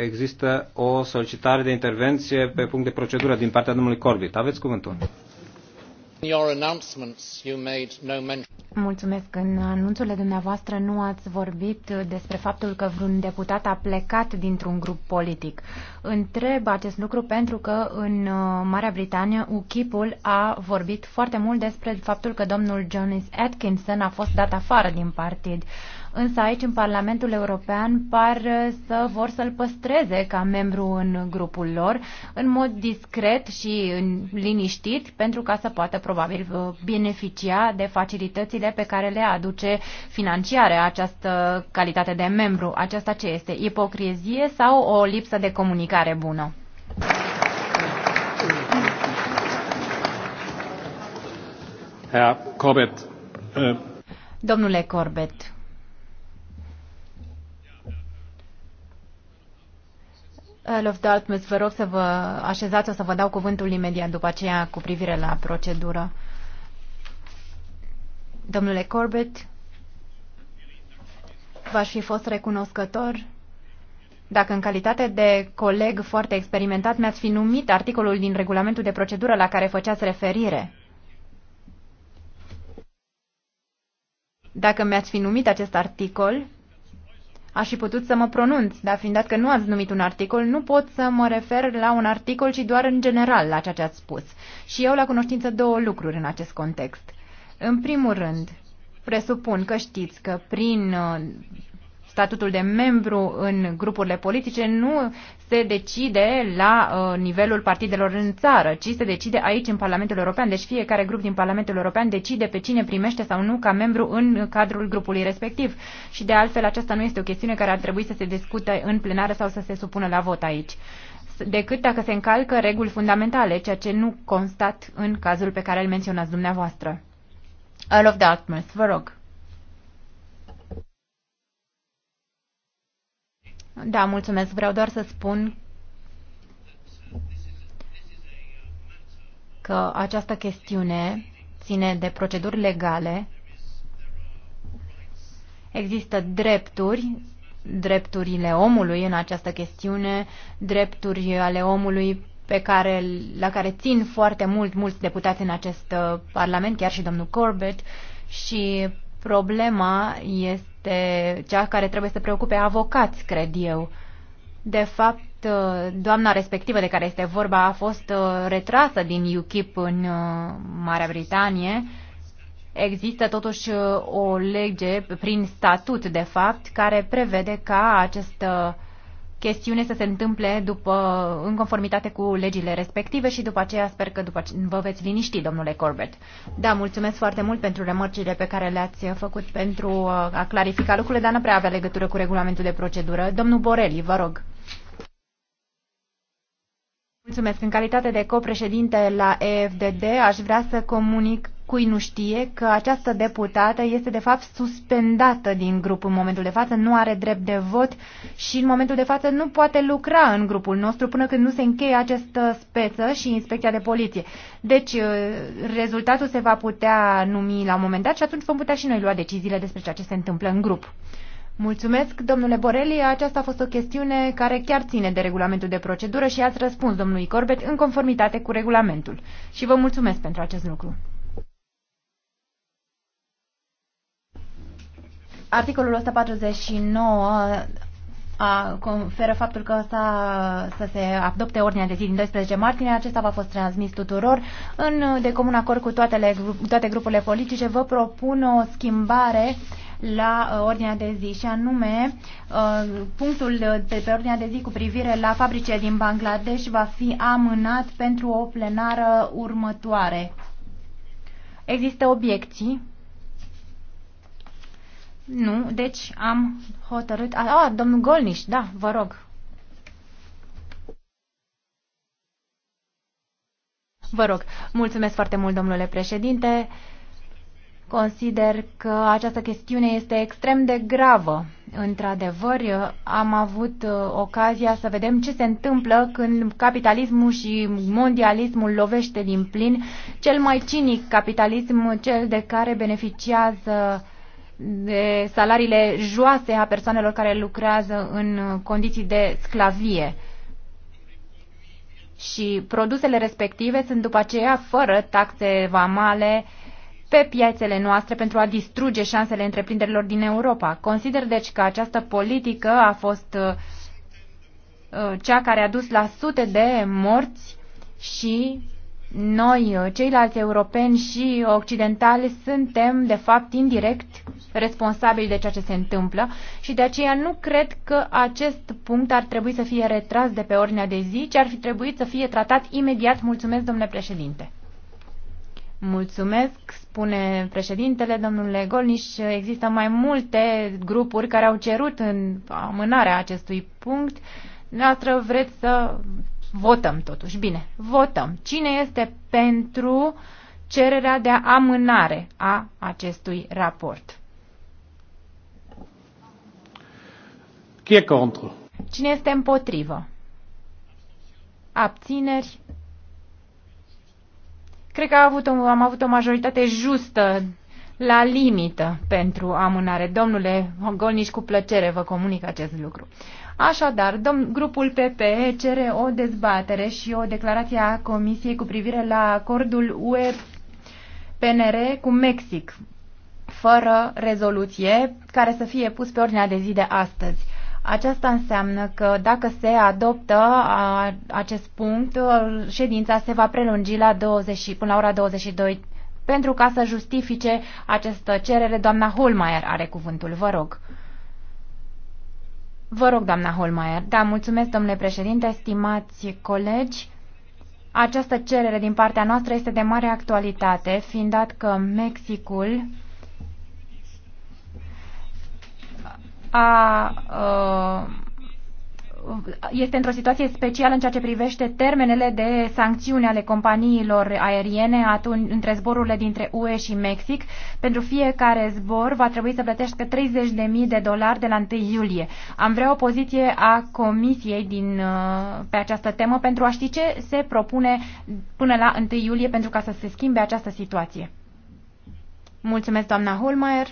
există o solicitare de intervenție pe punct de procedură din partea domnului Corbit. Aveți cuvântul. Mulțumesc. În anunțurile dumneavoastră nu ați vorbit despre faptul că vreun deputat a plecat dintr-un grup politic. Întreb acest lucru pentru că în uh, Marea Britanie UKIP-ul a vorbit foarte mult despre faptul că domnul Jonas Atkinson a fost dat afară din partid însă aici, în Parlamentul European, par uh, să vor să-l păstreze ca membru în grupul lor, în mod discret și în liniștit, pentru ca să poată probabil uh, beneficia de facilitățile pe care le aduce financiare această calitate de membru. Aceasta ce este? Ipocrizie sau o lipsă de comunicare bună? Herr Corbett, äh, Domnule Corbett, Earl of Dartmouth, vă rog să vă așezați, o să vă dau cuvântul imediat după aceea cu privire la procedură. Domnule Corbett, v-aș fi fost recunoscător dacă în calitate de coleg foarte experimentat mi-ați fi numit articolul din regulamentul de procedură la care făceați referire. Dacă mi-ați fi numit acest articol, Aș fi putut să mă pronunț, dar fiind dat că nu ați numit un articol, nu pot să mă refer la un articol, ci doar în general la ceea ce ați spus. Și eu la cunoștință două lucruri în acest context. În primul rând, presupun că știți că prin uh, statutul de membru în grupurile politice nu se decide la uh, nivelul partidelor în țară, ci se decide aici în Parlamentul European. Deci fiecare grup din Parlamentul European decide pe cine primește sau nu ca membru în cadrul grupului respectiv. Și de altfel aceasta nu este o chestiune care ar trebui să se discute în plenară sau să se supună la vot aici decât dacă se încalcă reguli fundamentale, ceea ce nu constat în cazul pe care îl menționați dumneavoastră. Earl of Dartmouth, vă rog. Da, mulțumesc. Vreau doar să spun că această chestiune ține de proceduri legale. Există drepturi, drepturile omului în această chestiune, drepturi ale omului pe care, la care țin foarte mult mulți deputați în acest uh, parlament, chiar și domnul Corbett, și problema este este cea care trebuie să preocupe avocați, cred eu. De fapt, uh, doamna respectivă de care este vorba a fost uh, retrasă din UKIP în uh, Marea Britanie. Există totuși o lege prin statut, de fapt, care prevede ca această chestiune să se întâmple după, în conformitate cu legile respective și după aceea sper că după vă veți liniști, domnule Corbett. Da, mulțumesc foarte mult pentru remarcile pe care le-ați făcut pentru uh, a clarifica lucrurile, dar nu prea avea legătură cu regulamentul de procedură. Domnul Borelli, vă rog. Mulțumesc. În calitate de copreședinte la EFDD, aș vrea să comunic cui nu știe că această deputată este de fapt suspendată din grup în momentul de față, nu are drept de vot și în momentul de față nu poate lucra în grupul nostru până când nu se încheie această speță și inspecția de poliție. Deci uh, rezultatul se va putea numi la un moment dat și atunci vom putea și noi lua deciziile despre ceea ce se întâmplă în grup. Mulțumesc, domnule Borelli. Aceasta a fost o chestiune care chiar ține de regulamentul de procedură și ați răspuns domnului Corbet în conformitate cu regulamentul. Și vă mulțumesc pentru acest lucru. Articolul 149 a, conferă faptul că s-a, să se adopte ordinea de zi din 12 martie. Acesta va fost transmis tuturor. În, de comun acord cu toatele, toate grupurile politice vă propun o schimbare la uh, ordinea de zi și anume uh, punctul de pe ordinea de zi cu privire la fabrice din Bangladesh va fi amânat pentru o plenară următoare. Există obiecții? Nu, deci am hotărât... A, a domnul Golniș, da, vă rog. Vă rog, mulțumesc foarte mult, domnule președinte. Consider că această chestiune este extrem de gravă. Într-adevăr, am avut uh, ocazia să vedem ce se întâmplă când capitalismul și mondialismul lovește din plin cel mai cinic capitalism, cel de care beneficiază de salariile joase a persoanelor care lucrează în condiții de sclavie. Și produsele respective sunt după aceea fără taxe vamale pe piațele noastre pentru a distruge șansele întreprinderilor din Europa. Consider deci că această politică a fost uh, uh, cea care a dus la sute de morți și noi, ceilalți europeni și occidentali, suntem, de fapt, indirect responsabili de ceea ce se întâmplă și de aceea nu cred că acest punct ar trebui să fie retras de pe ordinea de zi, ci ar fi trebuit să fie tratat imediat. Mulțumesc, domnule președinte. Mulțumesc, spune președintele, domnule Golniș. Există mai multe grupuri care au cerut în amânarea acestui punct. Noastră vreți să Votăm totuși. Bine, votăm. Cine este pentru cererea de amânare a acestui raport? Chi contro? Cine este împotrivă? Abțineri? Cred că am avut, o, am avut o majoritate justă la limită pentru amânare. Domnule Golnici, cu plăcere vă comunic acest lucru. Așadar, dom- grupul PPE cere o dezbatere și o declarație a Comisiei cu privire la acordul UE PNR cu Mexic, fără rezoluție, care să fie pus pe ordinea de zi de astăzi. Aceasta înseamnă că dacă se adoptă acest punct, ședința se va prelungi la 20, până la ora 22 pentru ca să justifice această cerere. Doamna Holmeier are cuvântul, vă rog. Vă rog, doamna Holmaier. Da, mulțumesc, domnule președinte, stimați colegi. Această cerere din partea noastră este de mare actualitate, fiind dat că Mexicul a uh, este într-o situație specială în ceea ce privește termenele de sancțiune ale companiilor aeriene atunci, între zborurile dintre UE și Mexic. Pentru fiecare zbor va trebui să plătească 30.000 de dolari de la 1 iulie. Am vrea o poziție a Comisiei din, uh, pe această temă pentru a ști ce se propune până la 1 iulie pentru ca să se schimbe această situație. Mulțumesc, doamna Holmeier.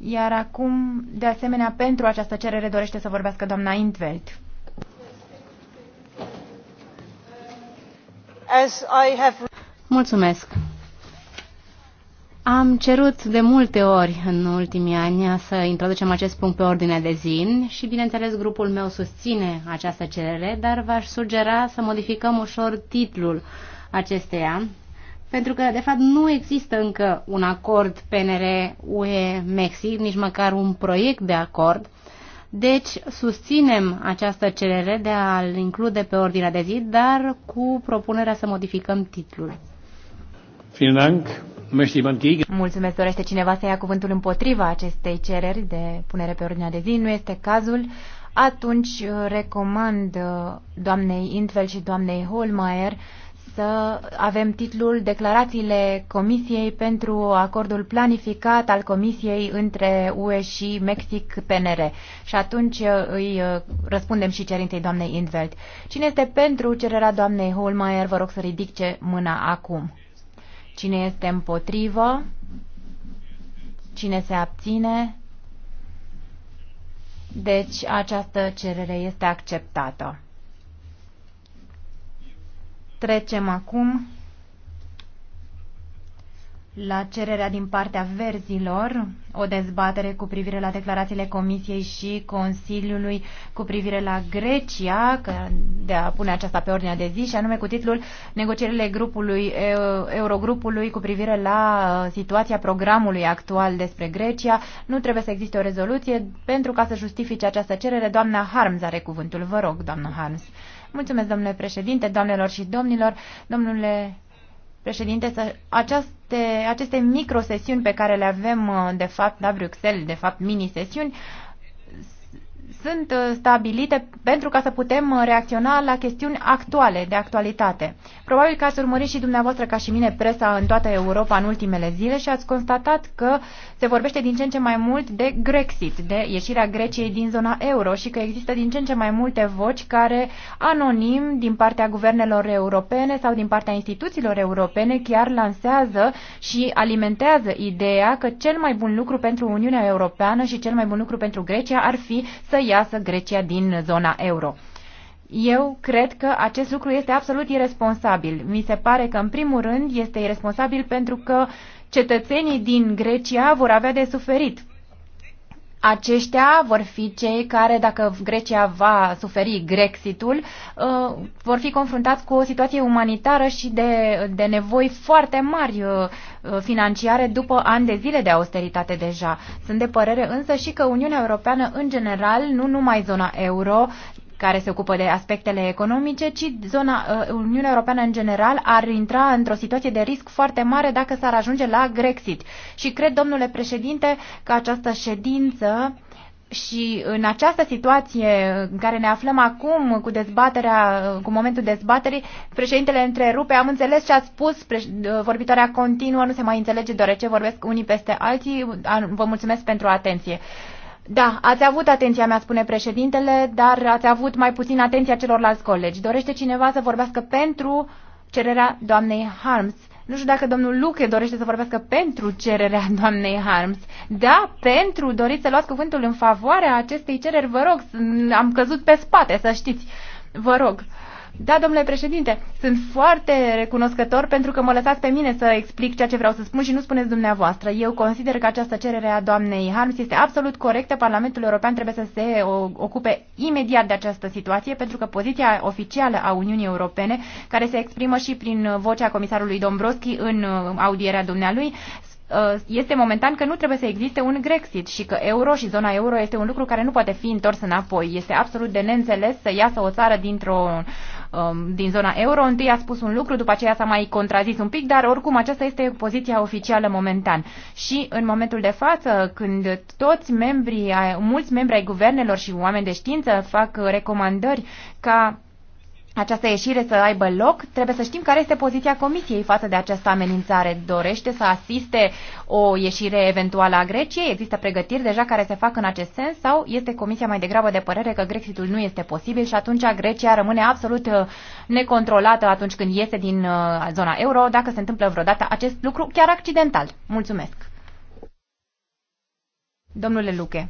Iar acum, de asemenea, pentru această cerere dorește să vorbească doamna Intveld. Have... Mulțumesc. Am cerut de multe ori în ultimii ani să introducem acest punct pe ordine de zi și, bineînțeles, grupul meu susține această cerere, dar v-aș sugera să modificăm ușor titlul acesteia pentru că, de fapt, nu există încă un acord PNR-UE-Mexic, nici măcar un proiect de acord. Deci, susținem această cerere de a-l include pe ordinea de zi, dar cu propunerea să modificăm titlul. Mulțumesc. Dorește cineva să ia cuvântul împotriva acestei cereri de punere pe ordinea de zi? Nu este cazul. Atunci recomand uh, doamnei Intfel și doamnei Holmeier să avem titlul Declarațiile Comisiei pentru acordul planificat al Comisiei între UE și Mexic PNR. Și atunci uh, îi uh, răspundem și cerinței doamnei Indveld. Cine este pentru cererea doamnei Holmeier, vă rog să ridice mâna acum. Cine este împotrivă? Cine se abține? Deci această cerere este acceptată. Trecem acum la cererea din partea verzilor, o dezbatere cu privire la declarațiile Comisiei și Consiliului cu privire la Grecia, că de a pune aceasta pe ordinea de zi, și anume cu titlul Negocierile grupului, Eurogrupului cu privire la uh, situația programului actual despre Grecia. Nu trebuie să existe o rezoluție pentru ca să justifice această cerere. Doamna Harms are cuvântul. Vă rog, doamna Harms. Mulțumesc, domnule președinte, doamnelor și domnilor. Domnule președinte, să aceste, aceste microsesiuni pe care le avem, uh, de fapt, la Bruxelles, de fapt mini-sesiuni, sunt uh, stabilite pentru ca să putem uh, reacționa la chestiuni actuale, de actualitate. Probabil că ați urmărit și dumneavoastră ca și mine presa în toată Europa în ultimele zile și ați constatat că se vorbește din ce în ce mai mult de Grexit, de ieșirea Greciei din zona euro și că există din ce în ce mai multe voci care anonim din partea guvernelor europene sau din partea instituțiilor europene chiar lansează și alimentează ideea că cel mai bun lucru pentru Uniunea Europeană și cel mai bun lucru pentru Grecia ar fi să iasă Grecia din zona euro. Eu cred că acest lucru este absolut irresponsabil. Mi se pare că, în primul rând, este irresponsabil pentru că cetățenii din Grecia vor avea de suferit aceștia vor fi cei care, dacă Grecia va suferi Grexitul, uh, vor fi confruntați cu o situație umanitară și de, de nevoi foarte mari uh, financiare după ani de zile de austeritate deja. Sunt de părere însă și că Uniunea Europeană în general, nu numai zona euro, care se ocupă de aspectele economice, ci zona uh, Uniunea Europeană în general ar intra într-o situație de risc foarte mare dacă s-ar ajunge la Grexit. Și cred, domnule președinte, că această ședință și în această situație în care ne aflăm acum cu dezbaterea, cu momentul dezbaterii, președintele întrerupe, am înțeles ce a spus, vorbitoarea continuă, nu se mai înțelege deoarece vorbesc unii peste alții. Vă mulțumesc pentru atenție. Da, ați avut atenția mea, spune președintele, dar ați avut mai puțin atenția celorlalți colegi. Dorește cineva să vorbească pentru cererea doamnei Harms? Nu știu dacă domnul Luche dorește să vorbească pentru cererea doamnei Harms. Da, pentru, doriți să luați cuvântul în favoarea acestei cereri, vă rog, am căzut pe spate, să știți. Vă rog. Da, domnule președinte, sunt foarte recunoscător pentru că mă lăsați pe mine să explic ceea ce vreau să spun și nu spuneți dumneavoastră. Eu consider că această cerere a doamnei Harms este absolut corectă. Parlamentul European trebuie să se ocupe imediat de această situație pentru că poziția oficială a Uniunii Europene, care se exprimă și prin vocea comisarului Dombrovski în uh, audierea dumnealui, uh, este momentan că nu trebuie să existe un Grexit și că euro și zona euro este un lucru care nu poate fi întors înapoi. Este absolut de neînțeles să iasă o țară dintr-o um, din zona euro. Întâi a spus un lucru, după aceea s-a mai contrazis un pic, dar oricum aceasta este poziția oficială momentan. Și în momentul de față, când toți membrii, mulți membri ai guvernelor și oameni de știință fac recomandări ca această ieșire să aibă loc, trebuie să știm care este poziția Comisiei față de această amenințare. Dorește să asiste o ieșire eventuală a Greciei? Există pregătiri deja care se fac în acest sens sau este Comisia mai degrabă de părere că Grexitul nu este posibil și atunci Grecia rămâne absolut uh, necontrolată atunci când iese din uh, zona euro, dacă se întâmplă vreodată acest lucru, chiar accidental? Mulțumesc! Domnule Luche,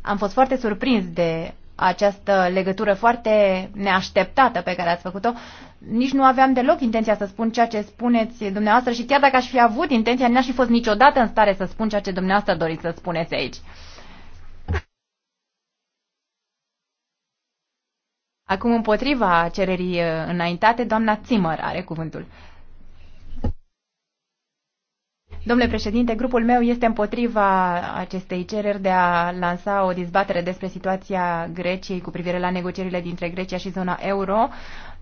am fost foarte surprins de această legătură foarte neașteptată pe care ați făcut-o. Nici nu aveam deloc intenția să spun ceea ce spuneți dumneavoastră și chiar dacă aș fi avut intenția, n-aș fi fost niciodată în stare să spun ceea ce dumneavoastră doriți să spuneți aici. Acum, împotriva cererii uh, înaintate, doamna Zimmer are cuvântul. Domnule președinte, grupul meu este împotriva acestei cereri de a lansa o dezbatere despre situația Greciei cu privire la negocierile dintre Grecia și zona euro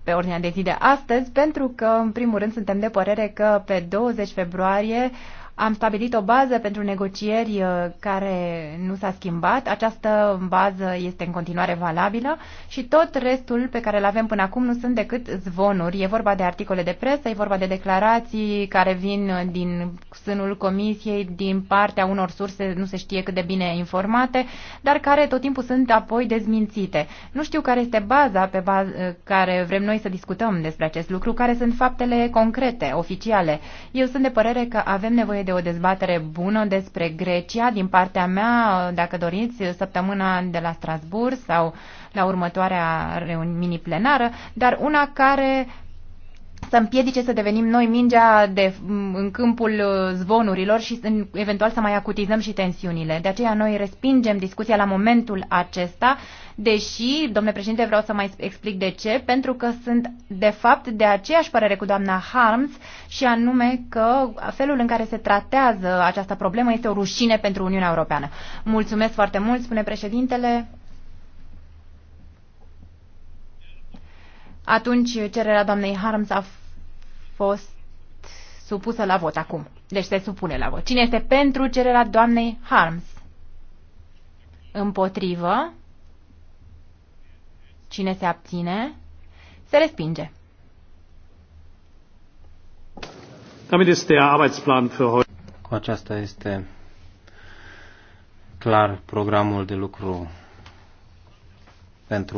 pe ordinea de zi de astăzi, pentru că, în primul rând, suntem de părere că pe 20 februarie am stabilit o bază pentru negocieri uh, care nu s-a schimbat. Această bază este în continuare valabilă și tot restul pe care îl avem până acum nu sunt decât zvonuri. E vorba de articole de presă, e vorba de declarații care vin din sânul comisiei, din partea unor surse nu se știe cât de bine informate, dar care tot timpul sunt apoi dezmințite. Nu știu care este baza pe baz- care vrem noi să discutăm despre acest lucru, care sunt faptele concrete, oficiale. Eu sunt de părere că avem nevoie de o dezbatere bună despre Grecia din partea mea, dacă doriți, săptămâna de la Strasbourg sau la următoarea mini-plenară, dar una care să împiedice să devenim noi mingea de, în câmpul uh, zvonurilor și eventual să mai acutizăm și tensiunile. De aceea noi respingem discuția la momentul acesta, deși, domnule președinte, vreau să mai explic de ce, pentru că sunt de fapt de aceeași părere cu doamna Harms și anume că felul în care se tratează această problemă este o rușine pentru Uniunea Europeană. Mulțumesc foarte mult, spune președintele. Atunci cererea doamnei Harms a fost supusă la vot acum. Deci se supune la vot. Cine este pentru cererea doamnei Harms? Împotrivă. Cine se abține? Se respinge. Cu aceasta este clar programul de lucru pentru